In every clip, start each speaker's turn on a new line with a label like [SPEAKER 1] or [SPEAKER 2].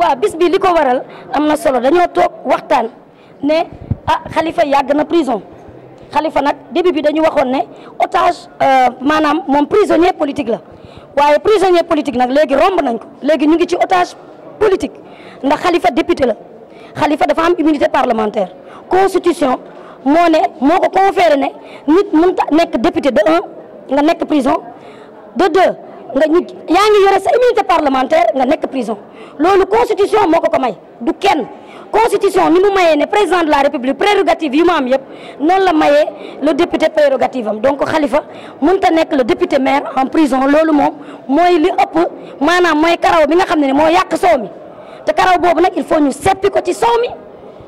[SPEAKER 1] waaw bis bi li ko waral am na solo dañoo toog waxtaan ne ah xalifa yàgg na prison xalifa nag début bi dañu waxoon ne otage euh, maanaam moom prisonnier politique la waaye prisonnier politique nag léegi romb nañ ko léegi ñu ngi ci otage politique ndax xalifa député la xalifa dafa am immunité parlementaire constitution moo ne moo ko conféré ne nit mënta nekk député de un nga nekk prison de deux nga ñu yaa ngi yore sa immunité parlementaire nga nekk prison loolu constitution moo ko ko may du kenn constitution ni mu mayee ne président de la république prérogative yu mu am yëpp noonu la mayee le député prérogative am donc xalifa mënta nekk le député maire en prison loolu moom mooy li ëpp maanaam mooy karaw bi nga xam ne ne moo yàq soow mi te karaw boobu nag il faut ñu seppi ko ci soow mi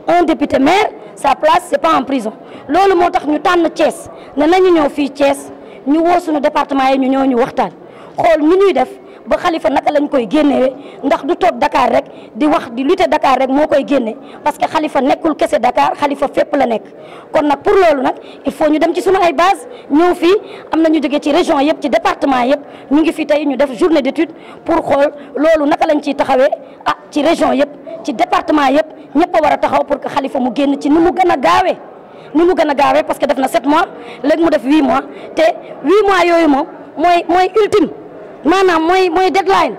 [SPEAKER 1] un député maire sa place c'est pas en prison loolu moo tax ñu tànn Thiès ne nañu ñëw fii Thiès ñu woo suñu département yi ñu ñëw ñu waxtaan xool nu ñuy def ba xalifa naka lañ koy génnewee ndax du toog Dakar rek di wax di lutter Dakar rek moo koy génne parce que xalifa nekkul kese Dakar xalifa fépp la nekk. kon nag pour loolu nag il faut ñu dem ci sunu ay base ñëw fii am na ñu jóge ci région yëpp ci département yëpp ñu ngi fi tey ñu def journée d'étude pour xool loolu naka lañ ciy taxawee ah ci région yëpp ci département yëpp ñëpp a war a taxaw pour que xalifa mu génn ci ni mu gën a gaawee. ni mu gën a gaawee parce que def na 7 mois léegi mu def 8 mois te yooyu moom maanaam mooy mooy deadline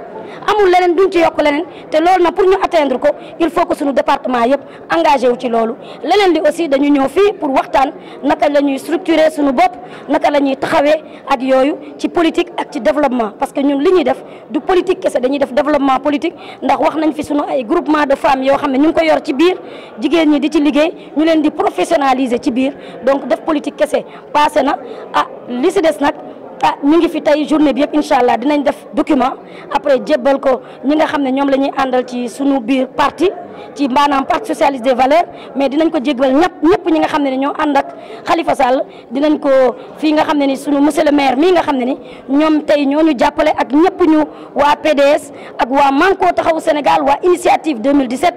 [SPEAKER 1] amul leneen duñ ci yokk leneen te lool na pour ñu atteindre ko il faut que suñu département yëpp engagé wu ci loolu leneen li aussi dañu ñëw fii pour waxtaan naka la ñuy structurer suñu bopp naka la ñuy taxawee ak yooyu ci politique ak ci développement parce que ñun li ñuy def du politique kese dañuy def développement politique ndax wax nañ fi suñu ay groupement de femmes yoo xam ne ñu ngi ko yor ci biir jigéen ñi di ci liggéey ñu leen di professionnaliser ci biir donc def politique kese passé na ah li si des nag ah ñu ngi fi tey journée bi yëpp incha allah dinañ def document après jébbal ko ñi nga xam ne ñoom la ñuy àndal ci suñu biir parti ci maanaam parti socialiste de valeurs mais dinañ ko jébbal ñëpp ñëpp ñi nga xam ne ni ñoo ànd ak Khalifa Sall dinañ ko fii nga xam ne ni suñu monsieur le maire mii nga xam ne ni ñoom tey ñoo ñu jàppale ak ñëpp ñu waa PDS ak waa Manko taxawu Sénégal waa initiative 2017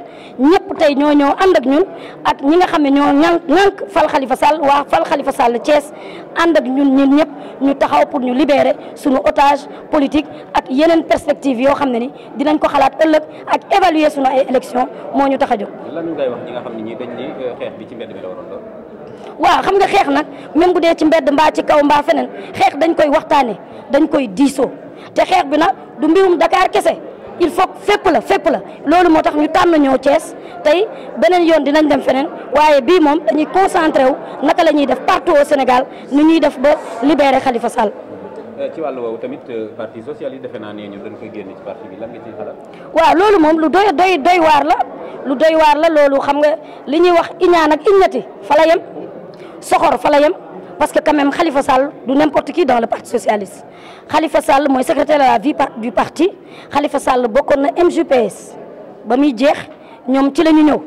[SPEAKER 1] tey ñoo ñoo ànd ak ñun ak ñi nga xam ne ñoo ñànk ñànk fal xalifa Sall waa fal xalifa Sall Thiès ànd ak ñun ñun ñëpp ñu taxaw pour ñu libérer suñu otage politique ak yeneen perspective yoo xam ne ni dinañ ko xalaat ëllëg ak évaluer suñu ay élection moo ñu tax a jóg. lan ngay wax ñi euh, ci mbedd waaw xam nga xeex nag même bu dee ci mbedd mbaa ci kaw mbaa feneen xeex dañ koy waxtaane dañ koy diisoo te xeex bi nag du mbirum dakaar kese. il faut fépp la fépp la loolu moo tax ñu tànn ñëw Thiès tey beneen yoon dinañ dem feneen waaye bii moom dañuy concentré wu naka la ñuy def partout au Sénégal nu ñuy def ba libéré Khalifa Sall. Euh, ci wàllu woowu tamit euh, parti socialiste defe naa ne ñu dañ koy génn ci parti bi lan nga ciy xalaat. waaw loolu moom lu doy doy doy waar la lu doy waar la loolu xam nga li ñuy wax iñaan ak iñati fa la yem soxor fa la yem parce que quand même Khalifa Sall du n'importe qui dans le parti socialiste. Khalifa Sall mooy secrétaire à la vie du parti Khalifa Sall bokkoon na MJPS ba muy jeex ñoom ci la ñu ñëw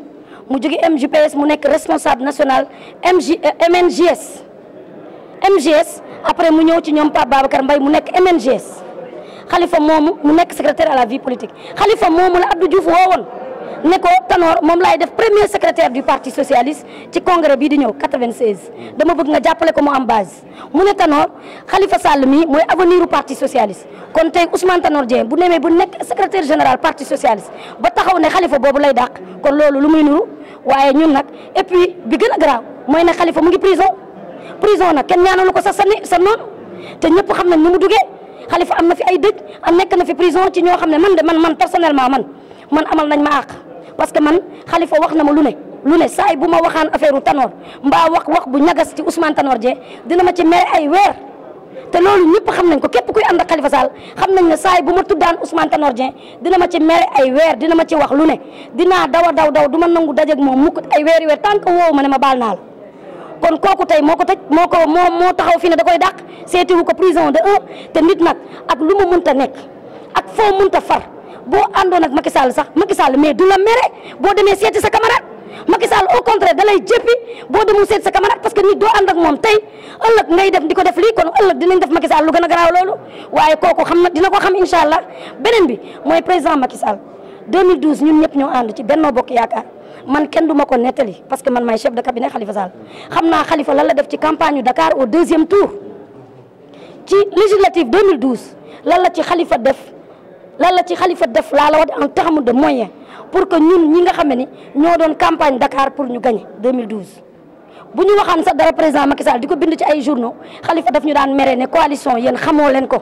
[SPEAKER 1] mu jóge MJPS mu nekk responsable national MJ euh, MNGS. MGS après mu ñëw ci ñoom Pape Babacar Mbaye mu nekk MNGS Khalifa moomu mu nekk secrétaire à la vie politique Khalifa moomu la Abdou Diouf woowoon. ne ko Tanor moom laay def premier secrétaire du parti socialiste ci congrès bii di ñëw 96. dama bëgg nga jàppale ko mu am base mu ne Tanor Khalifa Sall mii mooy avenir u parti socialiste kon tey Ousmane Tanor Dieng bu nemee bu nekk secrétaire général parti socialiste ba taxaw ne Khalifa boobu lay dàq kon loolu lu muy nuru waaye ñun nag et puis bi gën a grave mooy ne Khalifa mu ngi prison prison na kenn ñaanalu ko sa sa sa noonu te ñëpp xam nañ ni mu duggee Khalifa am na fi ay dëj am nekk na fi prison ci ñoo xam ne man de man man personnellement man man amal nañ ma parce que man xalifa wax na ma lu ne lu ne saay bu ma waxaan affaire u Tanor mbaa wax wax bu ñagas ci Ousmane Tanor Dieng dina ma ci mere ay weer te loolu ñëpp xam nañ ko képp kuy ànd ak Khalifa Sall xam nañ ne saay bu ma tuddaan Ousmane Tanor Dieng dina ma ci mere ay weer dina ma ci wax lu ne dinaa daw daw daw du ma nangu dajeeg moom mukk ay weer weer tant que woowu ma ne ma baal naa la kon kooku tey moo ko tëj moo ko moo moo taxaw fi ne da koy dàq seetiwu ko prison de te nit nag ak lu mu munta nekk ak foo boo àndoon ak Macky Sall sax Macky Sall mais du la mere boo demee seeti sa camarade Macky au contraire da lay boo demee seeti sa camarade parce que nit doo ànd moom tey ëllëg ngay def di ko def lii kon ëllëg dinañ def Macky lu gën a garaaw loolu waaye kooku xam na dina ko xam incha allah beneen bi mooy président Macky Sall 2012 ñun ñëpp ñoo ànd ci Benno Bokk Yaakaar man kenn du ma ko nettali parce que man maay chef de cabinet Khalifa Sall xam naa Khalifa lan la def ci campagne yu Dakar au deuxième tour ci législative 2012 lan la ci Khalifa def lan la ci xalifa def laa la wax en terme de moyen pour que ñun ñi nga xam ne ni ñoo doon campagne Dakar pour ñu gagné 2012. bu ñu waxaan sax dara président Macky Sall di ko bind ci ay journaux xalifa def ñu daan mere ne coalition yéen xamoo leen ko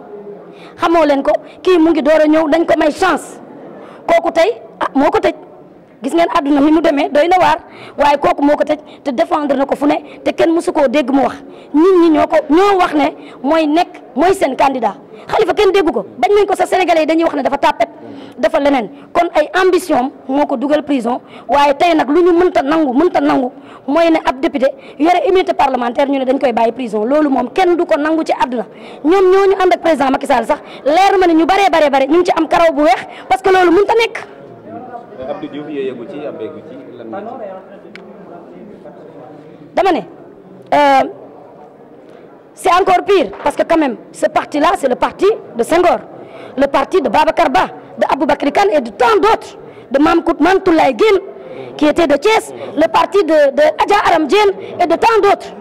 [SPEAKER 1] xamoo leen ko kii mu ngi door a ñëw dañ ko may chance kooku tey ah moo ko tëj. gis ngeen àdduna mi mu demee doy na waar waaye kooku moo ko tëj te défendre na ko fu ne te kenn mësu koo dégg mu wax nit ñi ñoo ko ñoo wax ne mooy nekk mooy seen candidat Khalifa kenn déggu ko bañ nañ ko sa sénégalais yi dañuy wax ne dafa tàppet dafa leneen kon ay ambition moo ko dugal prison waaye tey nag lu ñu mun mënta nangu mënta nangu mooy ne ab député yore immunité parlementaire ñu ne dañ koy bàyyi prison loolu moom kenn du ko nangu ci àdduna ñoom ñoo ñu ànd ak président Macky Sall sax ñu baree baree bare ñu ngi ci am karaw bu weex parce que loolu mënta nekk Abdou Diouf yéegu euh, c'est encore pire parce que quand ce parti là c'est le parti de Senghor le parti de Babacar Ba de Aboubakry Kane et de tant d'autres de Mame Koutman Toulaye Guène qui était de Thiès le parti de de Aram Diène et de tant d'autres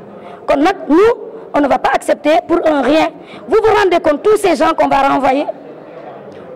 [SPEAKER 1] kon ne va pas accepter pour un rien vous vous rendez compte tous ces gens qu'on va renvoyer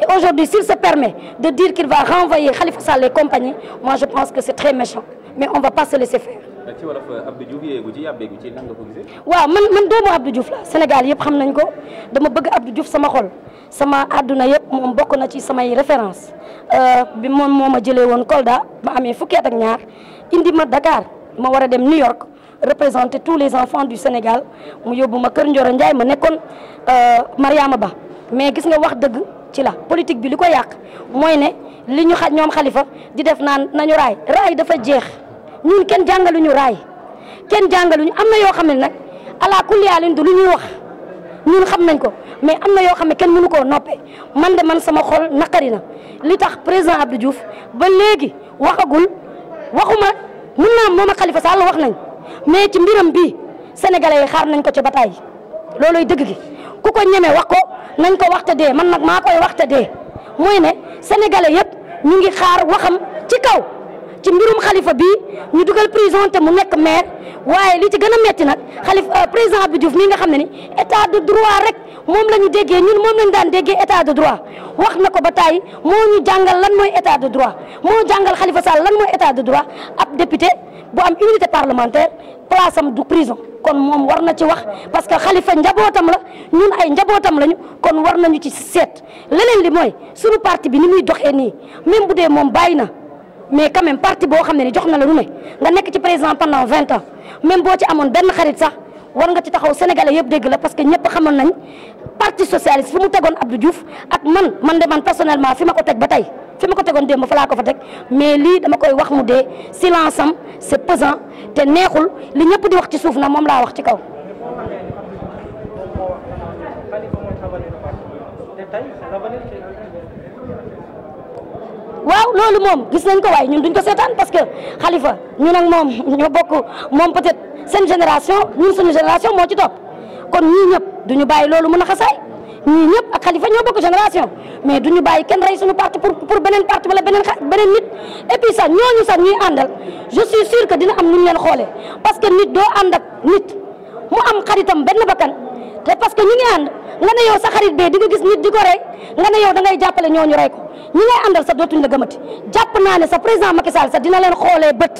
[SPEAKER 1] Et aujourd'hui, s'il se permet de dire qu'il va renvoyer Khalifa Sall et compagnie, moi je pense que c'est très méchant. Mais on ne va pas se laisser faire. Euh, waaw man man doomu Abdou Diouf la Sénégal yëpp xam nañ ko dama bëgg Abdou Diouf sama xol sama àdduna yëpp moom bokk na ci samay référence euh, bi moom moo ma jëlee woon Kolda ma amee fukki at ak ñaar indi ma Dakar ma war a dem New York représenter tous les enfants du Sénégal mu yóbbu ma Kër Ndioro Ndiaye ma nekkoon euh, Mariama Ba mais gis nga wax dëgg ci la politique bi lu ko yàq mooy ne li ñu xaj ñoom xalifa di def naan nañu raay raay dafa jeex ñun kenn jàngaluñu raay kenn jàngaluñu am na yoo xam ne nag ala kulli haalin du lu ñuy wax ñun xam nañ ko mais am na yoo xam ne kenn mënu koo noppe man de man sama xol naqari na li tax président Abdou Diouf ba léegi waxagul waxuma mun naa moom ak Khalifa Sall wax nañ mais ci mbiram bi sénégalais yi xaar nañ ko ci bataay looloy dëgg gi. ku ko ñeme wax ko nañ ko waxta dee man nag maa koy waxta dee mooy ne sénégalais yëpp ñu ngi xaar waxam ci kaw ci mbirum xalifa bii ñu dugal prison te mu nekk maire waaye li ci gën a metti nag xalifa euh, président Abdou Diouf mii nga xam ne ni état de droit rek moom la ñu déggee ñun moom la ñu daan déggee état de droit wax na ko ba tàyyi moo ñu jàngal lan mooy état de droit moo jàngal xalifa Sall lan mooy état de droit ab député bu am immunité parlementaire place am du prison kon moom war na ci wax parce que xalifa njabootam la ñun ay njabootam lañu kon war nañu ci seet leneen li mooy suñu parti bi ni muy doxee nii même bu dee moom bàyyi na mais quand même parti boo xam ne ni jox na la nu ne nga nekk ci président pendant vingt ans même boo ci amoon benn xarit sax war nga ci taxaw sénégalais yëpp dégg la parce que ñëpp xamoon nañ parti socialiste fi mu tegoon Abdou Diouf ak man man de man personnellement fi ma ko teg ba tey fi ma ko tegoon démb fa laa ko fa teg mais lii dama koy wax mu dee silence am c'est pesant te neexul li ñëpp di wax ci suuf na moom laa wax ci kaw. waaw loolu moom gis nañ ko waaye ñun duñ ko seetaan parce que Khalifa ñu ak moom ñoo bokk moom peut-être seen génération ñun suñu génération moo ci topp. kon ñii ñëpp duñu bàyyi loolu mun a xasaay ñii ñëpp ak xalifa ñoo bokk génération mais duñu bàyyi kenn rey suñu parti pour pour beneen parti wala beneen beneen nit et puis sax ñooñu sax ñuy àndal je suis que dina am nu leen xoolee parce que nit doo ànd ak nit mu am xaritam benn bakkan te parce que ñu ngi ànd nga ne yow sa xarit bee di nga gis nit di ko rey nga ne yow da ngay jàppale ñooñu rey ko ñi ngay àndal sa dootuñ la gëmati jàpp naa ne sa président Macky Sall sa dina leen xoolee bët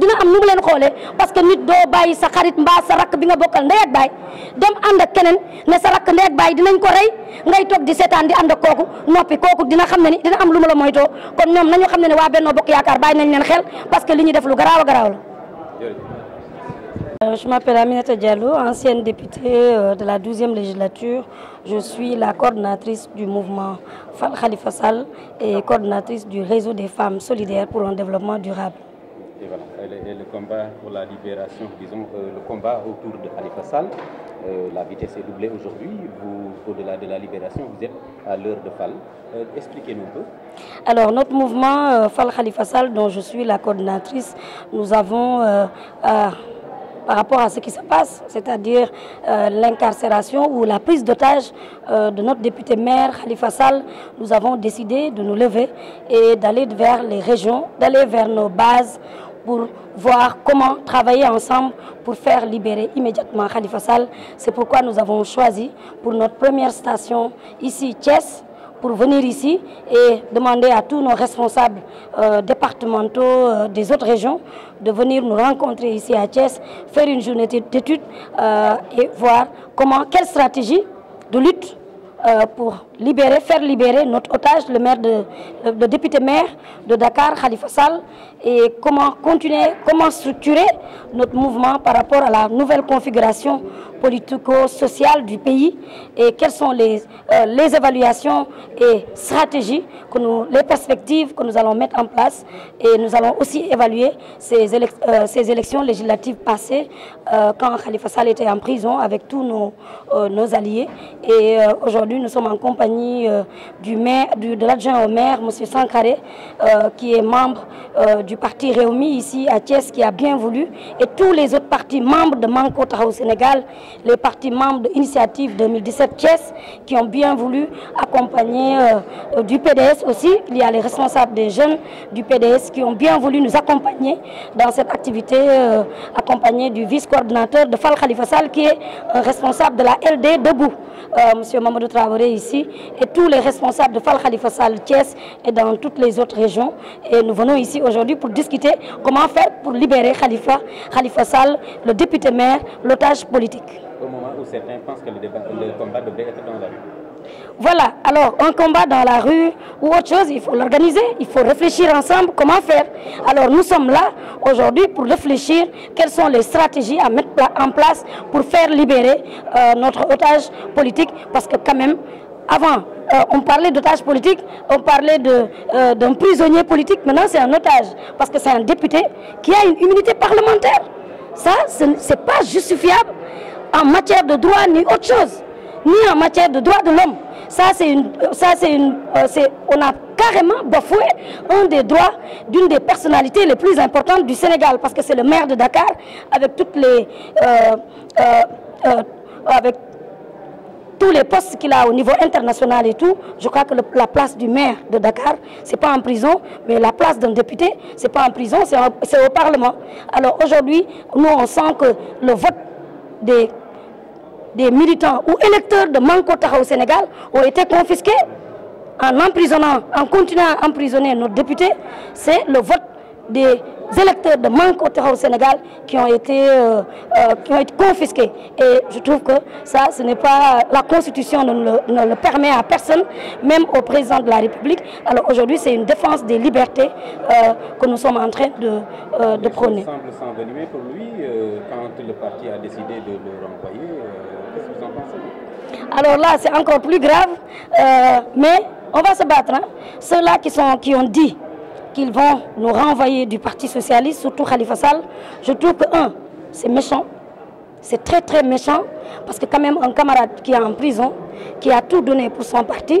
[SPEAKER 1] dina am nu mu leen xoolee parce que nit doo bàyyi sa xarit mbaa sa rakk bi nga bokkal ndey ak baay dem ànd ak keneen ne sa rakk ndey ak baay dinañ ko rey ngay toog di seetaan di ànd ak kooku noppi kooku dina xam ne ni dina am lu mu la moytoo kon ñoom nañu xam ne ne waa Benno Bokk Yaakaar bàyyi leen xel parce que li ñuy def lu garaaw a garaaw Euh, je m'appelle Aminata Diallo, ancienne députée euh, de la 12e législature. Je suis la coordinatrice du mouvement Fal Khalifa Sall et coordinatrice du réseau des femmes solidaires pour un développement durable. Et voilà, et le combat pour la libération, disons, euh, le de Khalifa Sall, la vitesse est doublée aujourd'hui. Vous, la libération, vous êtes à l'heure de Fall. Expliquez-nous un Alors, notre mouvement Fal Khalifa Sall, dont je suis la coordinatrice, nous avons... Euh, à par rapport à ce qui se passe, c'est-à-dire euh, l'incarcération ou la prise d'otage euh, de notre député maire Khalifa Sall, nous avons décidé de nous lever et d'aller vers les régions, d'aller vers nos bases pour voir comment travailler ensemble pour faire libérer immédiatement Khalifa Sall. C'est pourquoi nous avons choisi pour notre première station ici, Thiès, pour venir ici et demander à tous nos responsables euh, départementaux euh, des autres régions de venir nous rencontrer ici à Thiès, faire une journée d'études euh, et voir comment, quelle stratégie de lutte euh, pour libérer, faire libérer notre otage, le maire de, le, le député maire de Dakar, Khalifa Sall, et comment continuer, comment structurer notre mouvement par rapport à la nouvelle configuration politico-sociale du pays et quelles sont les, euh, les évaluations et stratégies, que nous, les perspectives que nous allons mettre en place. Et nous allons aussi évaluer ces, élec euh, ces élections législatives passées euh, quand Khalifa Sall était en prison avec tous nos, euh, nos alliés. Et euh, aujourd'hui, nous sommes en compagnie du maire, du, de l'adjoint au maire, M. Sankaré, qui est membre du parti Réumi ici à Thiès, qui a bien voulu, et tous les autres partis membres de Manco Tahou Sénégal les partis membres de Initiative 2017 Thiès qui ont bien voulu accompagner euh, du PDS aussi. Il les responsables des jeunes du bien voulu nous accompagner dans cette activité, euh, accompagnés du vice de Fall Khalifa Sall qui est un responsable de Euh, monsieur Mamadou Traoré ici et tous les responsables de Fall Khalifa Sall Thiès et dans toutes les autres régions et nous venons ici aujourd'hui pour discuter comment faire pour libérer Khalifa Khalifa Sall le député maire l'otage politique au moment où certains pensent que le débat, le combat devrait être dans la rue Voilà, alors un combat dans la rue ou autre chose, il faut l'organiser, il faut réfléchir ensemble comment faire. Alors nous sommes là aujourd'hui pour réfléchir quelles sont les stratégies à mettre en place pour faire libérer euh, notre otage politique parce que quand même, avant, euh, on parlait d'otage politique, on parlait euh, d'un prisonnier politique, maintenant c'est un otage parce que c'est un député qui a une immunité parlementaire. Ça, pas justifiable en matière de droit Nous, en matière de droits de l'homme, ça c'est une, ça c'est une, euh, on a carrément bafoué un des droits d'une des personnalités les plus importantes du Sénégal, parce que c'est le maire de Dakar, avec toutes les, euh, euh, euh, avec tous les postes qu'il a au niveau international et tout, je crois que le, la place du maire de Dakar, c'est pas en prison, mais la place d'un député, c'est pas en prison, c'est au Parlement. Alors aujourd'hui, nous on sent que le vote des des militants ou électeurs de Manko Taha au Sénégal ont été confisqués en emprisonnant, en continuant à emprisonner nos députés. C'est le vote des électeurs de Manko Taxawu Sénégal qui ont été euh, euh, qui ont été confisqués et je trouve que ça ce n'est pas la constitution ne le, ne le permet à personne même au président de la République alors aujourd'hui c'est une défense des libertés euh, que nous sommes en train de euh, de prôner. Il semble s'envenimer pour lui euh, quand le parti a décidé de le renvoyer euh, qu'est-ce que vous en pensez? Alors là c'est encore plus grave mais on va se battre hein. Ceux-là qui sont qui ont dit qu'ils vont nous renvoyer du Parti socialiste, surtout Khalifa Sall, je trouve que, un, c'est méchant, c'est très très méchant, parce que quand même un camarade qui est en prison, qui a tout donné pour son parti,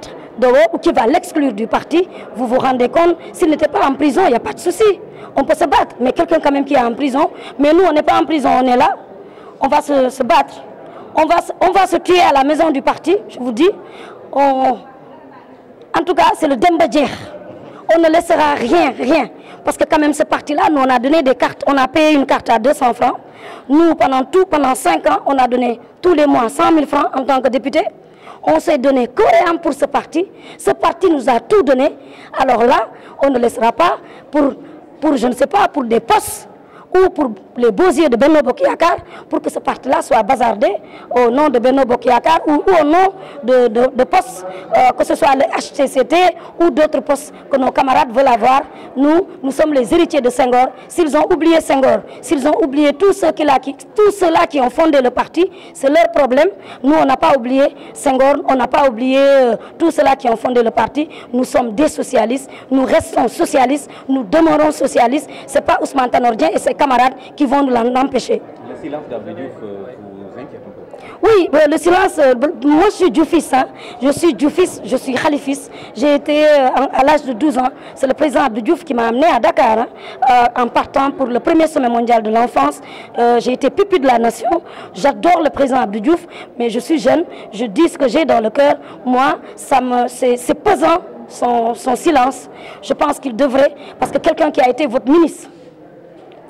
[SPEAKER 1] mettre dehors ou qui va l'exclure du parti, vous vous rendez compte, s'il n'était pas en prison, il n'y a pas de souci. On peut se battre, mais quelqu'un quand même qui est en prison, mais nous on n'est pas en prison, on va se, battre. On va, se tuer à la maison du parti, je vous dis. En tout cas, c'est le Dembadjer. On ne laissera rien, Parce que ce parti-là, nous on a donné des cartes, on a payé une carte à 200 francs. Nous, pendant tout, ans, on a donné tous les mois francs en tant que député. on s'est donné corps et âme pour ce parti. Ce parti nous a tout donné. Alors là, on ne laissera pas pour, pour je ne sais pas, pour des postes coup pour les beaux yeux de Benno Bokk Yaakaar pour que ce parti-là soit bazardé au nom de Benno Bokk ou, au nom de de, euh, que ce soit le HCCT ou d'autres postes que nos camarades veulent avoir nous nous sommes les héritiers de Senghor s'ils ont oublié Senghor s'ils ont oublié tous ceux qui là qui tous ceux ont fondé le parti c'est leur problème nous on n'a pas oublié Senghor on n'a pas oublié euh, tous ceux qui ont fondé le parti nous sommes des socialistes nous restons socialistes nous demeurons socialistes camarades qui vont nous l'empêcher. Le silence d'Abdou Diouf euh, vous inquiète un peu? Oui, euh, le silence, euh, moi je suis dioufiste, je suis dioufiste, je suis khalifiste. J'ai été à l'âge de 12 ans, c'est le président Abdou Diouf qui m'a amené à Dakar en partant pour le premier sommet mondial de l'enfance. J'ai été pupille de la nation. J'adore le président Abdou Diouf, mais je suis jeune, je dis ce que j'ai dans le cœur. Moi, ça me c'est pesant son son silence. Je pense qu'il devrait parce que quelqu'un qui a été votre ministre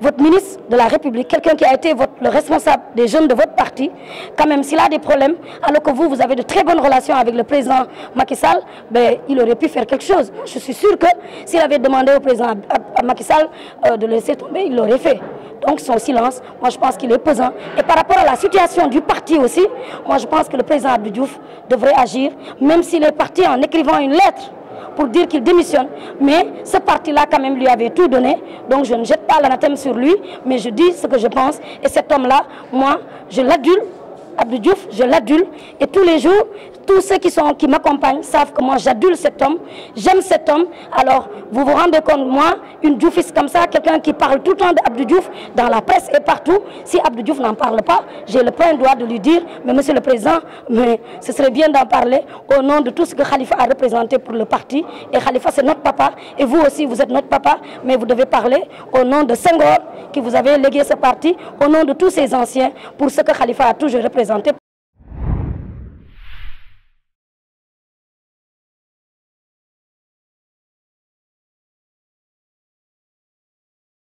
[SPEAKER 1] votre ministre de la République, quelqu'un qui a été votre, le responsable des jeunes de votre parti, quand même s'il a des problèmes, alors que vous, vous avez de très bonnes relations avec le président Macky Sall, ben, il aurait pu faire quelque chose. Je suis sûre que s'il avait demandé au président à, à Macky Sall euh, de le laisser tomber, il l'aurait fait. Donc son silence, moi je pense qu'il est pesant. Et par rapport à la situation du parti aussi, moi je pense que le président Abdou Diouf devrait agir, même s'il est parti en écrivant une lettre pour dire qu'il démissionne. Mais ce parti-là, quand même, lui avait tout donné. Donc je ne jette pas l'anathème sur lui, mais je dis ce que je pense. Et cet homme-là, moi, je l'adule. Abdou Diouf, je l'adule. Et tous les jours, tous ceux qui sont qui m'accompagnent savent que moi j'adule cet homme, j'aime cet homme. Alors, vous vous rendez compte, moi, une Dioufiste comme ça, quelqu'un qui parle tout le temps d'Abdou dans la presse et partout, si Abdou n'en parle pas, j'ai le plein droit de lui dire, mais monsieur le président, mais ce serait bien d'en parler au nom de tout ce que Khalifa a représenté pour le parti. Et Khalifa, c'est notre papa, et vous aussi, vous êtes